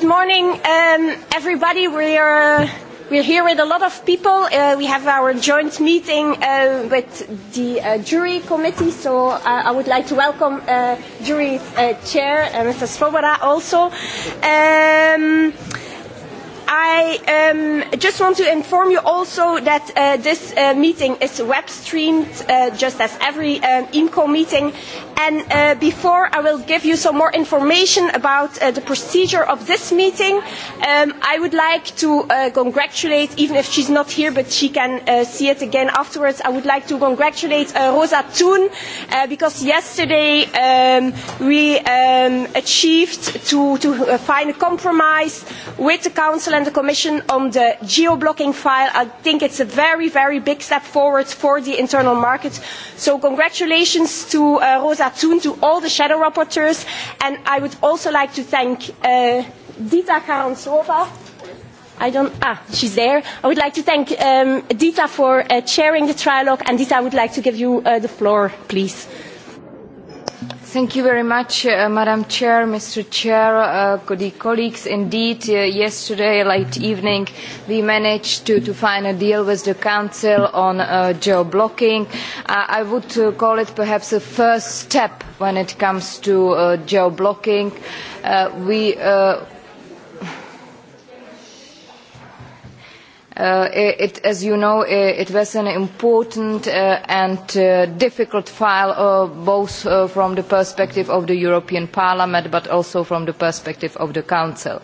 Good morning, um, everybody. We are we're here with a lot of people. Uh, we have our joint meeting uh, with the uh, jury committee, so uh, I would like to welcome uh, jury uh, chair uh, Mr. Svoboda also. Um, I um, just want to inform you also that uh, this uh, meeting is web streamed, uh, just as every um, IMCO meeting. And uh, before I will give you some more information about uh, the procedure of this meeting, um, I would like to uh, congratulate, even if she's not here, but she can uh, see it again afterwards, I would like to congratulate uh, Rosa Thun, uh, because yesterday um, we um, achieved to, to uh, find a compromise with the Council council and the commission on the geo blocking file i think it is a very very big step forward for the internal market so congratulations to uh, rosa thun to all the shadow rapporteurs and i would also like to thank uh, dita karantsova I don't, ah, she's there. I would like to thank um, Dita for uh, chairing the trilogue, and Dita, I would like to give you uh, the floor, please. Uh, Thank you very much, uh, Madam Chair, Mr. Chair, uh, the colleagues. Indeed, uh, yesterday late evening, we managed to, to find a deal with the Council on uh, geo-blocking. Uh, I would uh, call it perhaps a first step when it comes to uh, geo-blocking. Uh, we uh, Uh, it, as you know, it was an important uh, and uh, difficult file, uh, both uh, from the perspective of the European Parliament, but also from the perspective of the Council.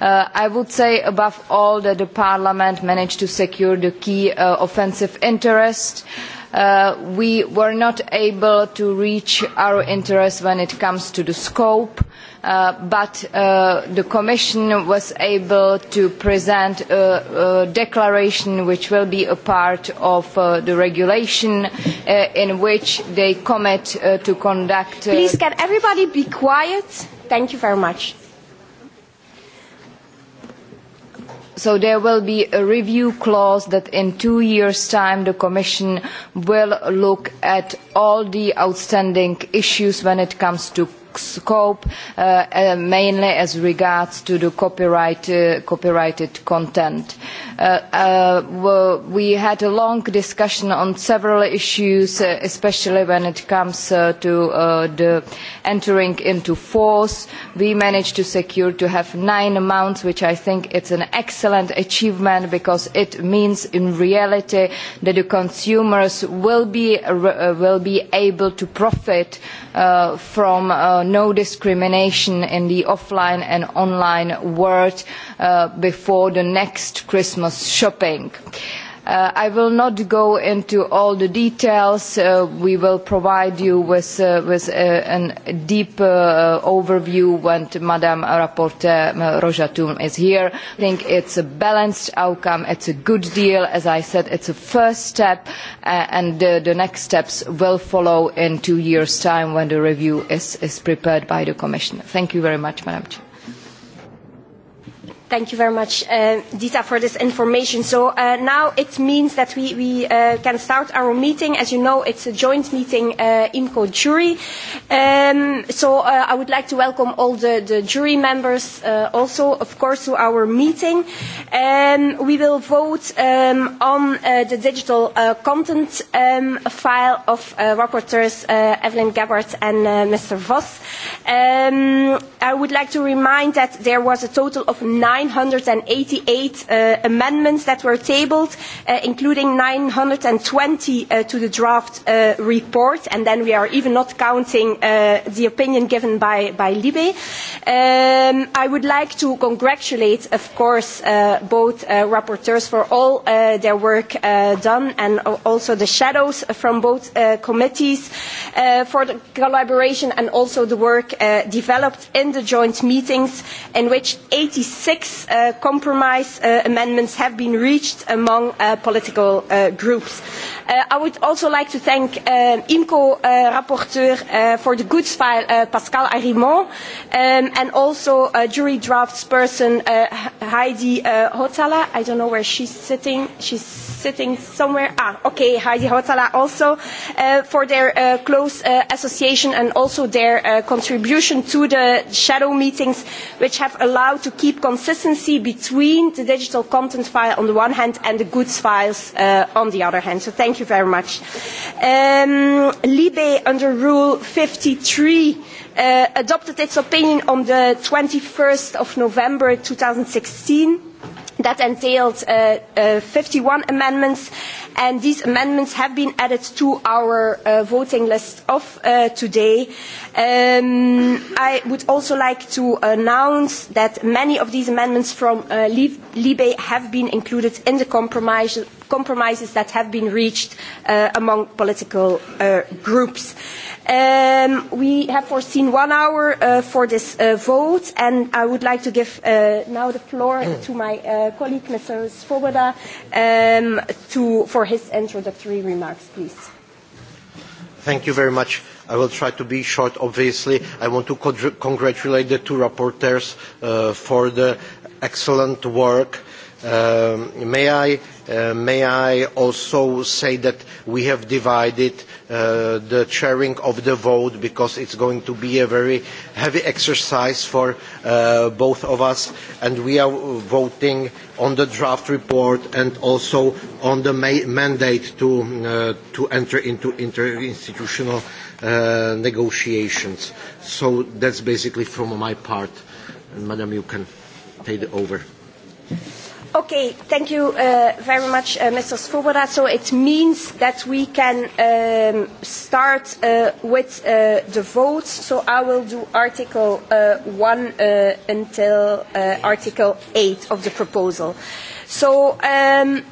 Uh, I would say, above all, that the Parliament managed to secure the key uh, offensive interest. Uh, we were not able to reach our interests when it comes to the scope. Uh, uh, but uh, the Commission was able to present a, a declaration which will be a part of uh, the regulation uh, in which they commit uh, to conduct... Uh, Please can everybody be quiet? Thank you very much. So there will be a review clause that in two years' time the Commission will look at all the outstanding issues when it comes to scope, uh, uh, mainly as regards to the copyright, uh, copyrighted content. Uh, Uh, uh, we had a long discussion on several issues, uh, especially when it comes uh, to uh, the entering into force. We managed to secure to have nine amounts, which I think it's an excellent achievement because it means in reality that the consumers will be, uh, uh, will be able to profit uh, from uh, no discrimination in the offline and online world uh, before the next Christmas Christmas shopping. Uh, I will not go into all the details. Uh, we will provide you with, uh, with a, uh, a deep uh, overview when Madam Rapporteur uh, Rojatun is here. I think it's a balanced outcome. It's a good deal. As I said, it's a first step, uh, and uh, the next steps will follow in two years' time when the review is, is prepared by the Commission. Thank you very much, Madam Chair. Thank you very much, uh, Dita, for this information. So uh, now it means that we, we uh, can start our meeting. As you know, it's a joint meeting, uh, IMCO jury. Um, so uh, I would like to welcome all the, the jury members uh, also, of course, to our meeting. Um, we will vote um, on uh, the digital uh, content um, file of uh, rapporteurs uh, Evelyn Gabbard and uh, Mr. Voss. Um, I would like to remind that there was a total of nine 988 uh, amendments that were tabled, uh, including 920 uh, to the draft uh, report, and then we are even not counting uh, the opinion given by, by Libe. Um, I would like to congratulate, of course, uh, both uh, rapporteurs for all uh, their work uh, done and also the shadows from both uh, committees uh, for the collaboration and also the work uh, developed in the joint meetings in which 86 six uh, compromise uh, amendments have been reached among uh, political uh, groups. Uh, I would also like to thank um, IMCO uh, rapporteur uh, for the goods file, uh, Pascal Arimont, um, and also uh, jury draftsperson uh, Heidi uh, Hotala. I don't know where she's sitting. She's sitting somewhere. Ah, okay, Heidi Hautala also uh, for their uh, close uh, association and also their uh, contribution to the shadow meetings, which have allowed to keep consistency between the digital content file on the one hand and the goods files uh, on the other hand. So thank you very much. Um, Libe under Rule 53 uh, adopted its opinion on the 21st of November 2016 That entailed uh, uh, 51 amendments and these amendments have been added to our uh, voting list of uh, today. Um, I would also like to announce that many of these amendments from uh, Libe have been included in the compromise, compromises that have been reached uh, among political uh, groups. Um, we have foreseen one hour uh, for this uh, vote, and I would like to give uh, now the floor to my uh, colleague, Mr. Svoboda, um, to, for for his introductory remarks, please. Thank you very much. I will try to be short, obviously. I want to congratulate the two rapporteurs uh, for the excellent work uh, Uh, may, I, uh, may I also say that we have divided uh, the chairing of the vote because it's going to be a very heavy exercise for uh, both of us and we are voting on the draft report and also on the ma mandate to, uh, to enter into interinstitutional uh, negotiations. So that's basically from my part. And Madam, you can take it over. Thank you. Okay, thank you uh, very much, uh, Mr. Svoboda. So it means that we can um, start uh, with uh, the votes. So I will do Article uh, 1 uh, until uh, Article 8 of the proposal. So um,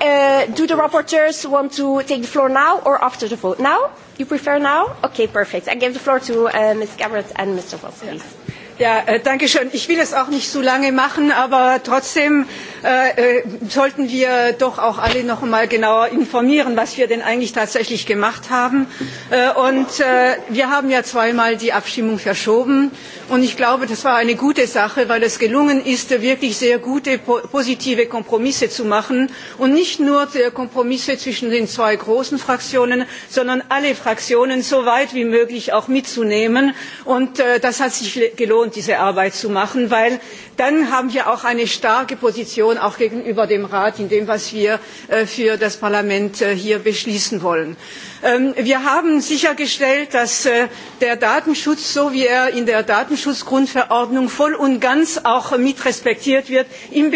uh, do the rapporteurs want to take the floor now or after the vote? Now? You prefer now? Okay, perfect. I give the floor to uh, Ms. Gabbard and Mr. Voss, please. Yeah. Ja, äh, danke schön. Ich will es auch nicht so lange machen, aber trotzdem Äh, äh, sollten wir doch auch alle noch einmal genauer informieren, was wir denn eigentlich tatsächlich gemacht haben. Äh, und äh, wir haben ja zweimal die Abstimmung verschoben. Und ich glaube, das war eine gute Sache, weil es gelungen ist, wirklich sehr gute, po positive Kompromisse zu machen. Und nicht nur äh, Kompromisse zwischen den zwei großen Fraktionen, sondern alle Fraktionen so weit wie möglich auch mitzunehmen. Und äh, das hat sich gelohnt, diese Arbeit zu machen, weil dann haben wir auch eine starke Position kommission auch gegenüber dem rat in dem was wir äh, für das parlament äh, hier beschließen wollen. Ähm, wir haben sichergestellt dass äh, der datenschutz so wie er in der datenschutzgrundverordnung voll und ganz auch mit respektiert wird im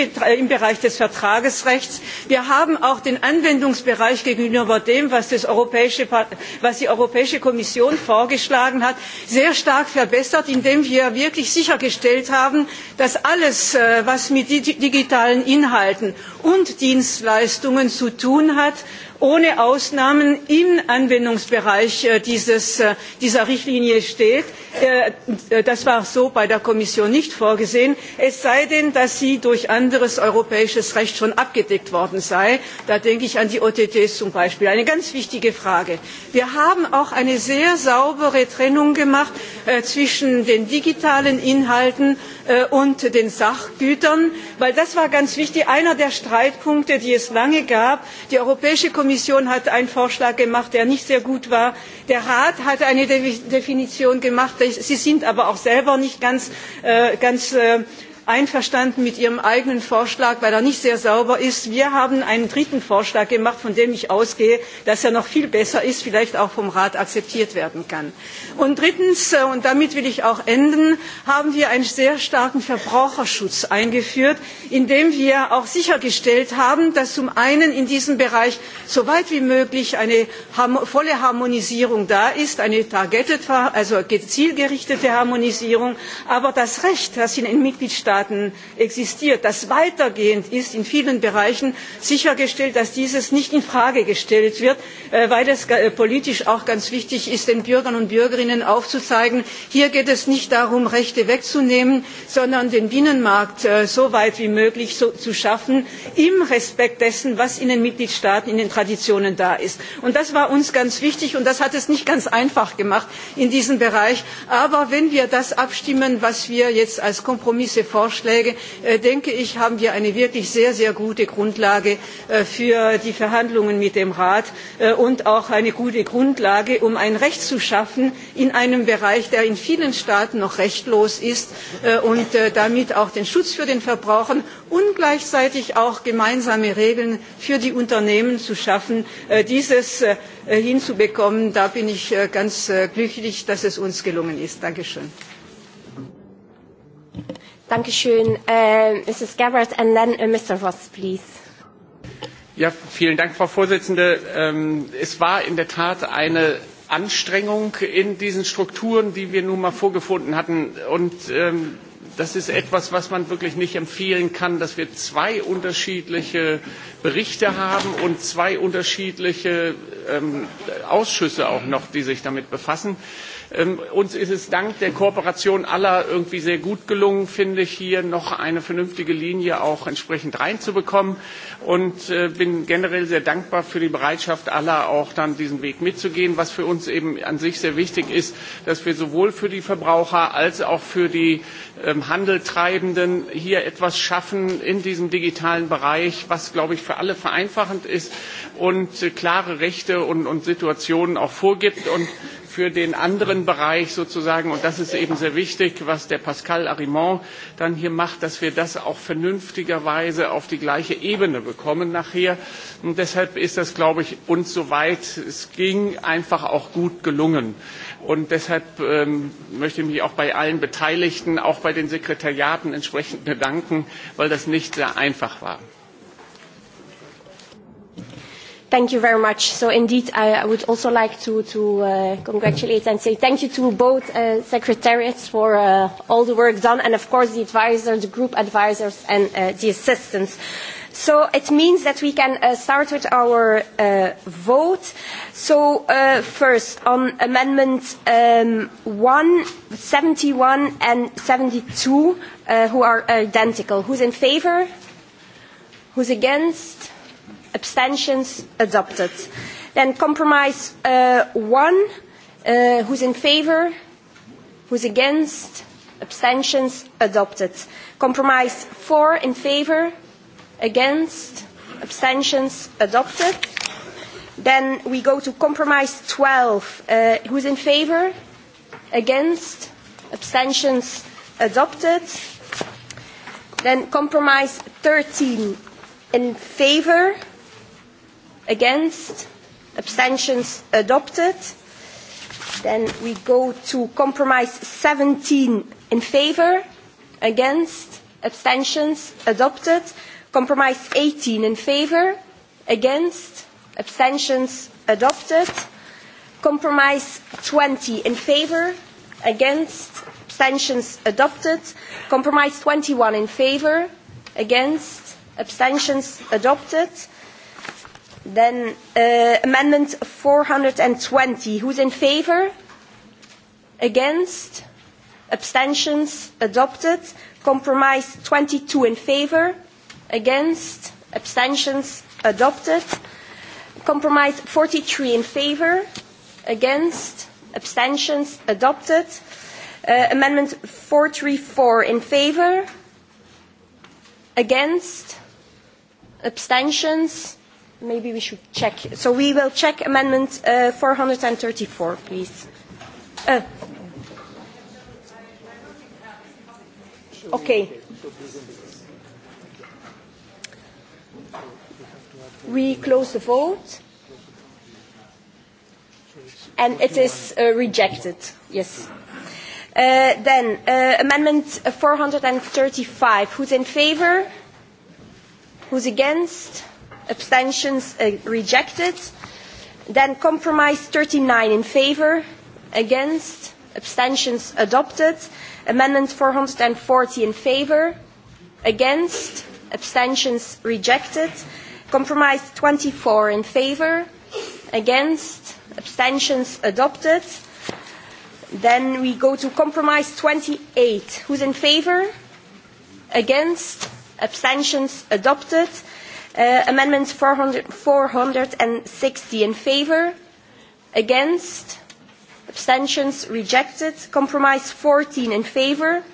bereich des vertragsrechts. wir haben auch den anwendungsbereich gegenüber dem was die europäische kommission vorgeschlagen hat sehr stark verbessert indem wir wirklich sichergestellt haben dass alles was mit digitalen inhalten und dienstleistungen zu tun hat ohne Ausnahmen im Anwendungsbereich äh, dieses, äh, dieser Richtlinie steht. Äh, das war so bei der Kommission nicht vorgesehen, es sei denn, dass sie durch anderes europäisches Recht schon abgedeckt worden sei. Da denke ich an die OTTs zum Beispiel. Eine ganz wichtige Frage. Wir haben auch eine sehr saubere Trennung gemacht zwischen den digitalen Inhalten und den Sachgütern, weil das war ganz wichtig, einer der Streitpunkte, die es lange gab. Die Europäische kommission hat einen vorschlag gemacht der nicht sehr gut war der rat hat eine definition gemacht sie sind aber auch selber nicht ganz äh, äh, einverstanden mit ihrem eigenen vorschlag weil er nicht sehr sauber ist. wir haben einen dritten vorschlag gemacht von dem ich ausgehe dass er noch viel besser ist vielleicht auch vom rat akzeptiert werden kann. und drittens äh, und damit will ich auch enden haben wir einen sehr starken verbraucherschutz eingeführt indem wir auch sichergestellt haben dass zum einen in diesem bereich so weit wie möglich eine volle harmonisierung da ist eine targeted also zielgerichtete harmonisierung aber das recht das in den mitgliedstaaten mitgliedstaaten existiert das weitergehend ist in vielen bereichen sichergestellt dass dieses nicht in frage gestellt wird äh, weil es äh, politisch auch ganz wichtig ist den bürgern und bürgerinnen aufzuzeigen hier geht es nicht darum rechte wegzunehmen sondern den binnenmarkt äh, so weit wie möglich zu schaffen im respekt dessen was in den mitgliedstaaten in den traditionen da ist. das war uns ganz wichtig und das hat es nicht ganz einfach gemacht in diesem bereich. aber wenn wir das abstimmen was wir jetzt als kompromisse vorschläge äh, denke ich haben wir eine wirklich sehr sehr gute grundlage äh, für die verhandlungen mit dem rat äh, und auch eine gute grundlage um ein recht zu schaffen in einem bereich der in vielen staaten noch rechtlos ist und damit auch den schutz für den verbraucher und gleichzeitig auch gemeinsame regeln für die unternehmen zu schaffen. dies hinzubekommen da bin ich ganz glücklich dass es uns gelungen ist. danke schön! Dankeschön, äh, Mrs. Gabbard, and then uh, äh, Mr. Ross, please. Ja, vielen Dank, Frau Vorsitzende. Ähm, es war in der Tat eine Anstrengung in diesen Strukturen, die wir nun mal vorgefunden hatten. Und ähm, das ist etwas, was man wirklich nicht empfehlen kann, dass wir zwei unterschiedliche Berichte haben und zwei unterschiedliche ähm, Ausschüsse auch noch, die sich damit befassen. Äh, Ähm, uns ist es dank der Kooperation aller irgendwie sehr gut gelungen, finde ich, hier noch eine vernünftige Linie auch entsprechend reinzubekommen und äh, bin generell sehr dankbar für die Bereitschaft aller, auch dann diesen Weg mitzugehen, was für uns eben an sich sehr wichtig ist, dass wir sowohl für die Verbraucher als auch für die ähm, Handeltreibenden hier etwas schaffen in diesem digitalen Bereich, was, glaube ich, für alle vereinfachend ist und äh, klare Rechte und, und Situationen auch vorgibt und für den anderen Bereich sozusagen, und das ist eben sehr wichtig, was der Pascal Arimont dann hier macht, dass wir das auch vernünftigerweise auf die gleiche Ebene bekommen nachher. Und deshalb ist das, glaube ich, uns soweit es ging, einfach auch gut gelungen. Und deshalb ähm, möchte ich mich auch bei allen Beteiligten, auch bei den Sekretariaten entsprechend bedanken, weil das nicht sehr einfach war. Thank you very much. So indeed, I, I would also like to, to uh, congratulate and say thank you to both uh, secretariats for uh, all the work done, and of course the advisors, the group advisors, and uh, the assistants. So it means that we can uh, start with our uh, vote. So uh, first, on Amendment um, 1, 71 and 72, uh, who are identical. Who's in favour? Who's against? abstentions adopted then compromise uh, one uh, who's in favor who's against abstentions adopted compromise four in favor against abstentions adopted then we go to compromise 12 uh, who's in favor against abstentions adopted then compromise 13 in favor Against? Abstentions adopted. Then we go to compromise 17 in favor. Against? Abstentions adopted. Compromise 18 in favor. Against? Abstentions adopted. Compromise 20 in favor. Against? Abstentions adopted. Compromise 21 in favor. Against? Abstentions adopted. Then uh, amendment 420. Who's in favour? Against? Abstentions? Adopted. Compromise 22 in favour. Against? Abstentions? Adopted. Compromise 43 in favour. Against? Abstentions? Adopted. Uh, amendment 434 in favour. Against? Abstentions? maybe we should check. So we will check amendment uh, 434, please. Uh. Okay. We close the vote. And it is uh, rejected. Yes. Uh, then, uh, Amendment 435. Who's in favour? Who's against? abstentions uh, rejected. Then compromise 39 in favour, against, abstentions adopted. Amendment 440 in favour, against, abstentions rejected. Compromise 24 in favour, against, abstentions adopted. Then we go to compromise 28. Who's in favour? Against, abstentions adopted. Uh, amendments 400, 460 in favour, against, abstentions rejected. Compromise 14 in favour,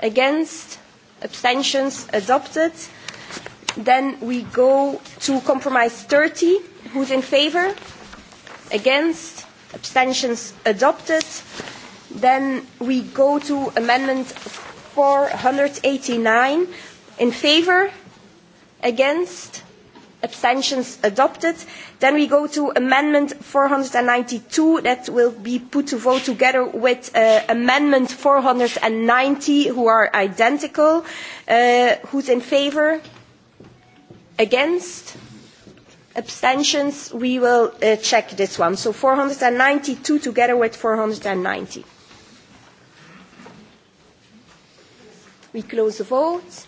against, abstentions adopted. Then we go to compromise 30. Who's in favour? Against? Abstentions adopted. Then we go to amendment 489. In favour? against abstentions adopted then we go to amendment 492 that will be put to vote together with uh, amendment 490 who are identical uh, who's in favor against abstentions we will uh, check this one so 492 together with 490 we close the vote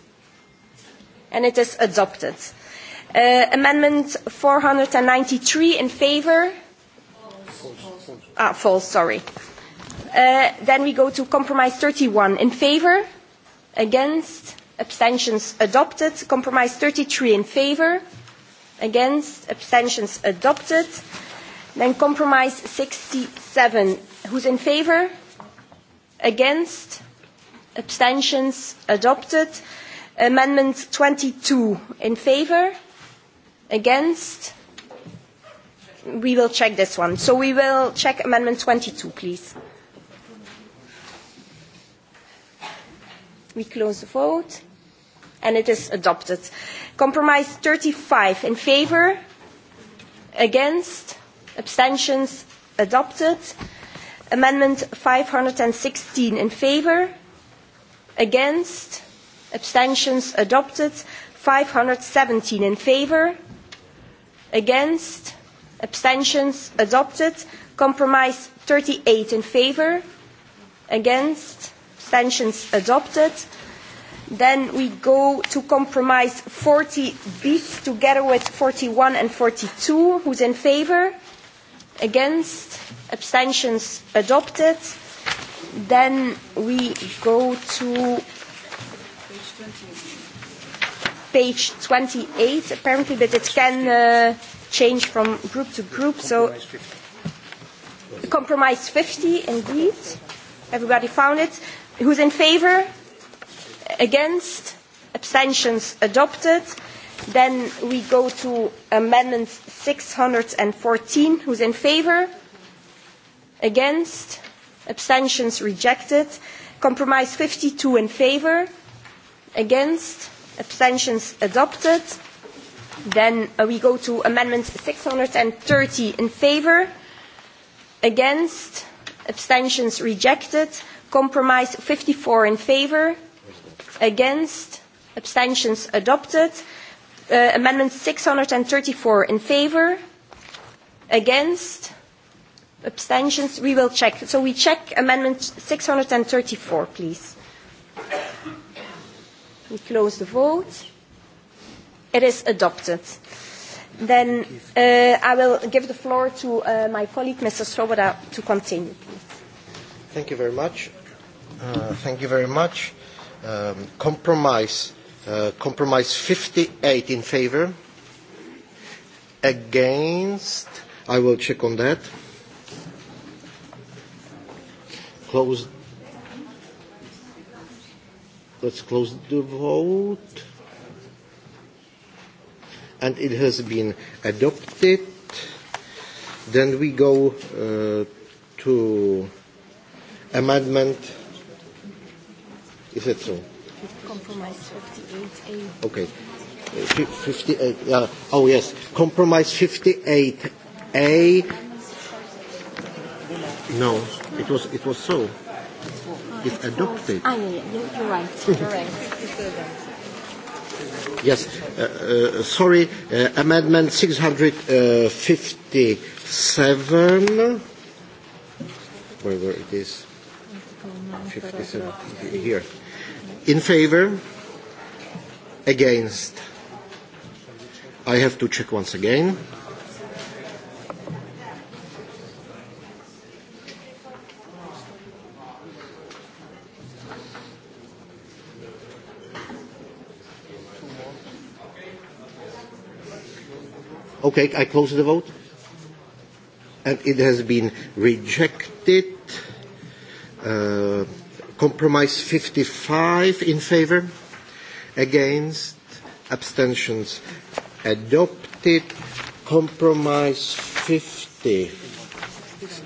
and it is adopted. Uh, amendment 493 in favour? False. false. Ah, false, sorry. Uh, then we go to compromise 31 in favour? Against? Abstentions adopted. Compromise 33 in favour? Against? Abstentions adopted. Then compromise 67. Who's in favour? Against? Abstentions adopted. Amendment 22 in favor? Against? We will check this one. So we will check Amendment 22, please. We close the vote. And it is adopted. Compromise 35 in favor? Against? Abstentions? Adopted. Amendment 516 in favor? Against? Against? abstentions adopted 517 in favor against abstentions adopted compromise 38 in favor against abstentions adopted then we go to compromise 40 bis together with 41 and 42 who's in favor against abstentions adopted then we go to page 28, apparently, but it can uh, change from group to group. So compromise 50, indeed. Everybody found it. Who's in favor? Against? Abstentions adopted. Then we go to amendment 614. Who's in favor? Against? Abstentions rejected. Compromise 52 in favor. Against? abstentions adopted. Then uh, we go to amendment 630 in favor, against, abstentions rejected. Compromise 54 in favor, against, abstentions adopted. Uh, amendment 634 in favor, against, abstentions. We will check. So we check amendment 634, please. We close the vote. It is adopted. Then uh, I will give the floor to uh, my colleague, Mr. Swoboda, to continue, please. Thank you very much. Uh, thank you very much. Um, compromise, uh, compromise 58 in favor. Against, I will check on that. Close Let's close the vote. And it has been adopted. Then we go uh, to amendment. Is it so? Compromise 58A. Okay. 58, yeah. Oh, yes. Compromise 58A. No, it was, it was so it adopted. Ah, yeah, yeah, you're right. You're right. yes, uh, uh, sorry, uh, amendment 657. Wherever it is. 57. Here. In favor? Against? I have to check once again. Okay, I close the vote. And it has been rejected. Uh, compromise 55 in favor, against, abstentions adopted. Compromise 50,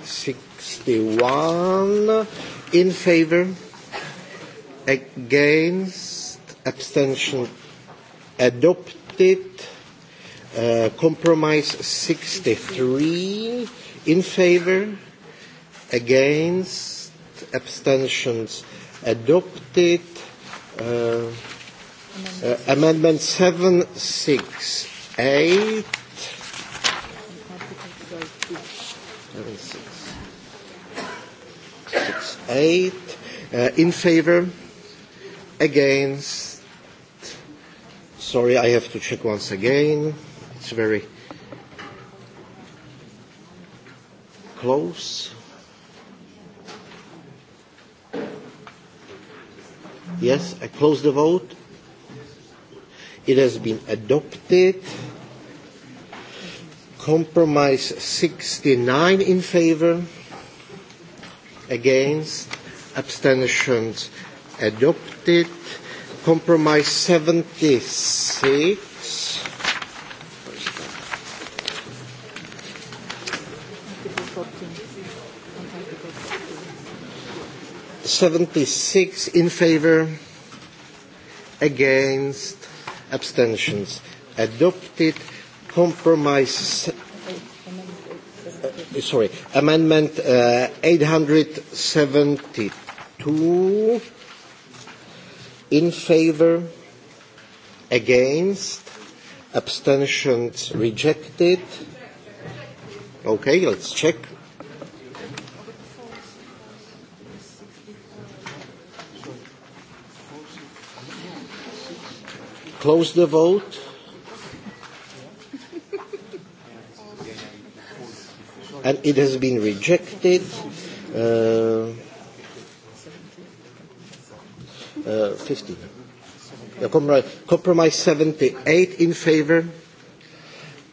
61 in favor, against, abstention adopted. Uh, compromise 63 in favor, against, abstentions adopted. Uh, uh, amendment 7, 6, 8. Seven, six, six, eight. Uh, in favor, against. Sorry, I have to check once again. Uh, It's very close. Yes, I close the vote. It has been adopted. Compromise 69 in favor, against, abstentions adopted. Compromise 76 76 in favor, against, abstentions. Adopted. Compromise. Uh, sorry. Amendment uh, 872 in favor, against, abstentions rejected. Okay, let's check. Close the vote. And it has been rejected. Uh, uh, 15. Yeah, compromise, compromise 78 in favor.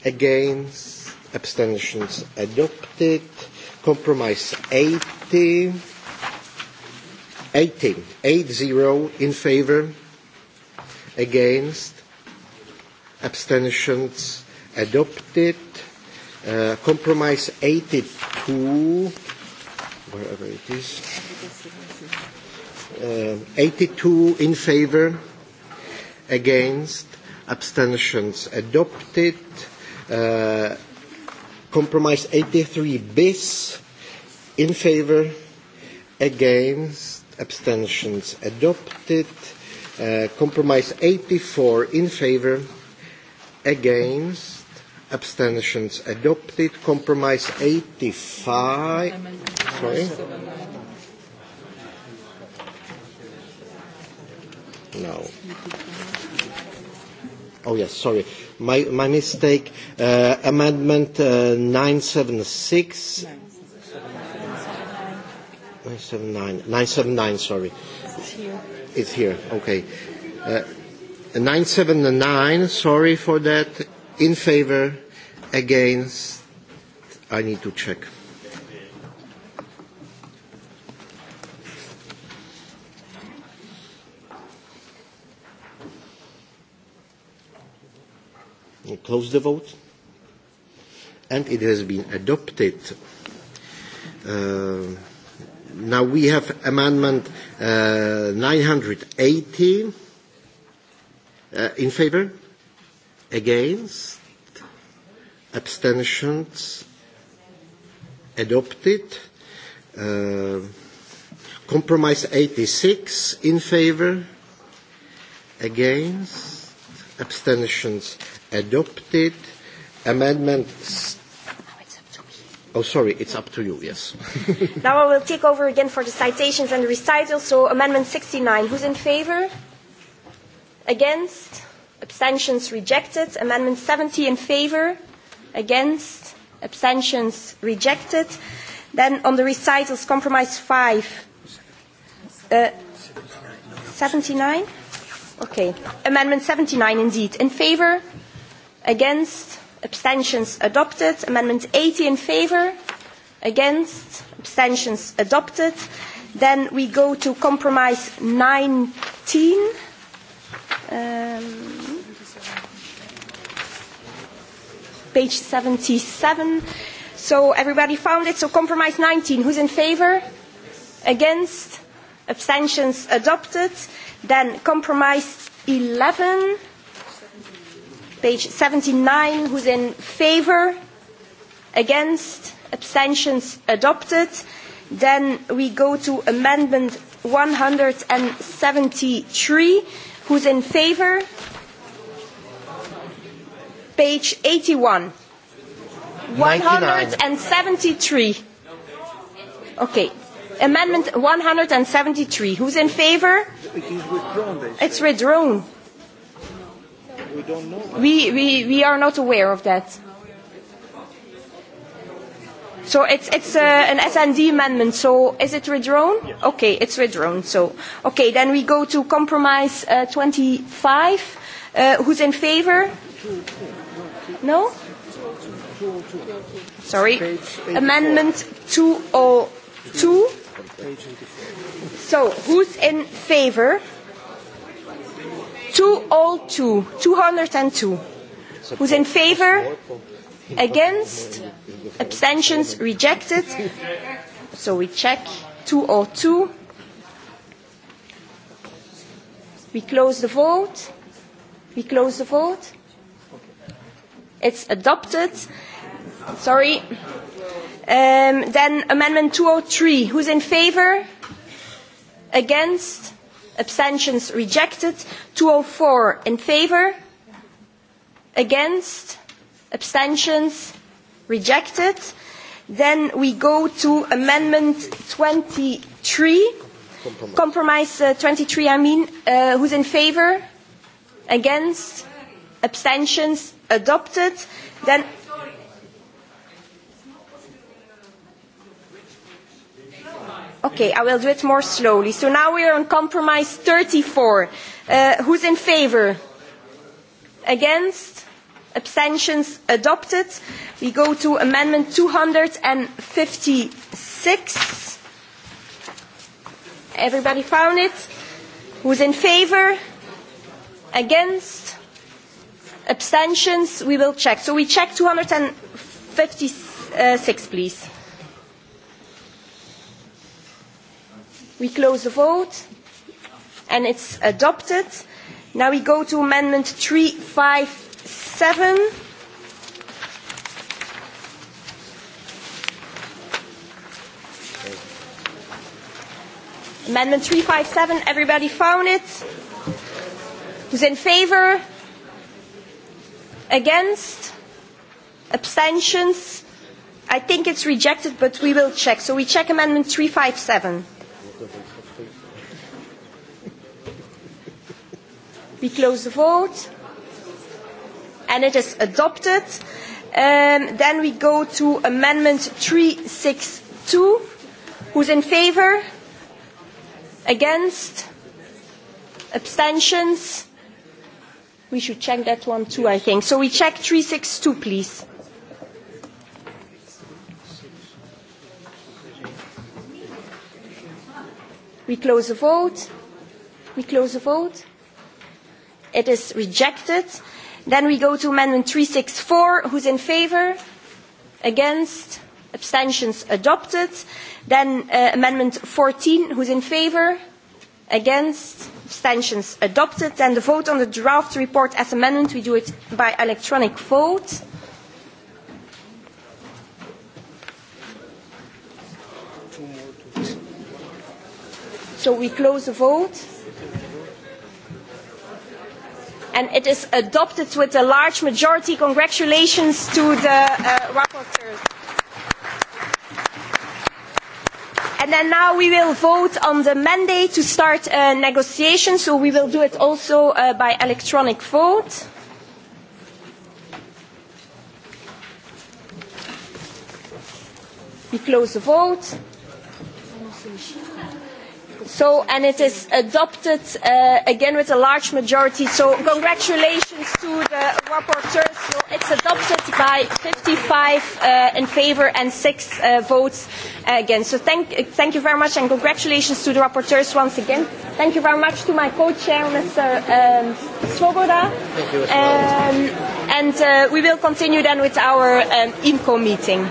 Against. Abstentions adopted. Compromise 80. 18. 8 0 in favor against, abstentions adopted. Uh, compromise 82, wherever it is, uh, 82 in favor, against, abstentions adopted. Uh, compromise 83 bis in favor, against, abstentions adopted. Uh, Uh, compromise 84 in favor, against, abstentions adopted. Compromise 85. Sorry. No. Oh, yes, sorry. My, my mistake. Uh, amendment uh, 976. 979. 979, sorry. It's here it's here. Okay. Uh, 979, sorry for that. In favor, against, I need to check. We'll close the vote. And it has been adopted. Uh, now we have amendment Uh, 980 uh, in favor, against, abstentions, adopted. Uh, compromise 86 in favor, against, abstentions, adopted. Amendment Oh, sorry, it's up to you, yes. now I will take over again for the citations and the recitals. So Amendment 69, who's in favour? Against? Abstentions rejected. Amendment 70 in favour? Against? Abstentions rejected. Then on the recitals, Compromise 5. Uh, 79? Okay. Amendment 79 indeed. In favour? Against? abstentions adopted. Amendment 80 in favour, against, abstentions adopted. Then we go to compromise 19. Um, page 77. So everybody found it. So compromise 19. Who's in favour? Against? Abstentions adopted. Then compromise 11 page 79. Who's in favour? Against? Abstentions adopted. Then we go to amendment 173. Who's in favour? Page 81. 173. Okay. Amendment 173. Who's in favour? It is withdrawn. It's withdrawn don't know that. We, we, we are not aware of that. So it's, it's uh, an SND amendment. So is it withdrawn? Yes. Okay, it's withdrawn. So okay, then we go to compromise uh, 25. Uh, who's in favour? No. Sorry. Amendment 202. So who's in favour? 202, 202. Who's in favor? Against? Abstentions rejected. So we check 202. We close the vote. We close the vote. It's adopted. Sorry. Um, then amendment 203. Who's in favor? Against? abstentions rejected 204 in favor against abstentions rejected then we go to amendment 23 compromise, compromise uh, 23 i mean uh, who's in favor against abstentions adopted then Okay, I will do it more slowly. So now we are on compromise 34. Uh, who's in favour? Against? Abstentions adopted. We go to amendment 256. Everybody found it? Who's in favour? Against? Abstentions? We will check. So we check 256, uh, please. We close the vote and it's adopted. Now we go to amendment 357. Amendment 357, everybody found it? Who's in favour? Against? Abstentions? I think it's rejected, but we will check. So we check Amendment 357. We close the vote. And it is adopted. Um, then we go to Amendment 362. Who's in favour? Against? Abstentions? We should check that one too, I think. So we check 362, please. We close the vote. We close the vote it is rejected. Then we go to amendment 364. Who's in favor? Against? Abstentions adopted. Then uh, amendment 14. Who's in favor? Against? Abstentions adopted. Then the vote on the draft report as amendment. We do it by electronic vote. So we close the vote and it is adopted with a large majority. Congratulations to the uh, rapporteurs. And then now we will vote on the mandate to start uh, negotiations, so we will do it also uh, by electronic vote. We close the vote so and it is adopted uh, again with a large majority so congratulations to the rapporteurs so it's adopted by 55 uh, in favor and six uh, votes against so thank thank you very much and congratulations to the rapporteurs once again thank you very much to my co-chair mr um, Svoboda thank you as well. um, and uh, we will continue then with our um, IMCO meeting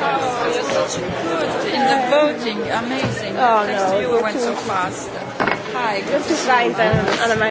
Oh, you're such good in the voting. Amazing. Oh, Thanks no, to you, we went too. so fast. Hi, good to see you.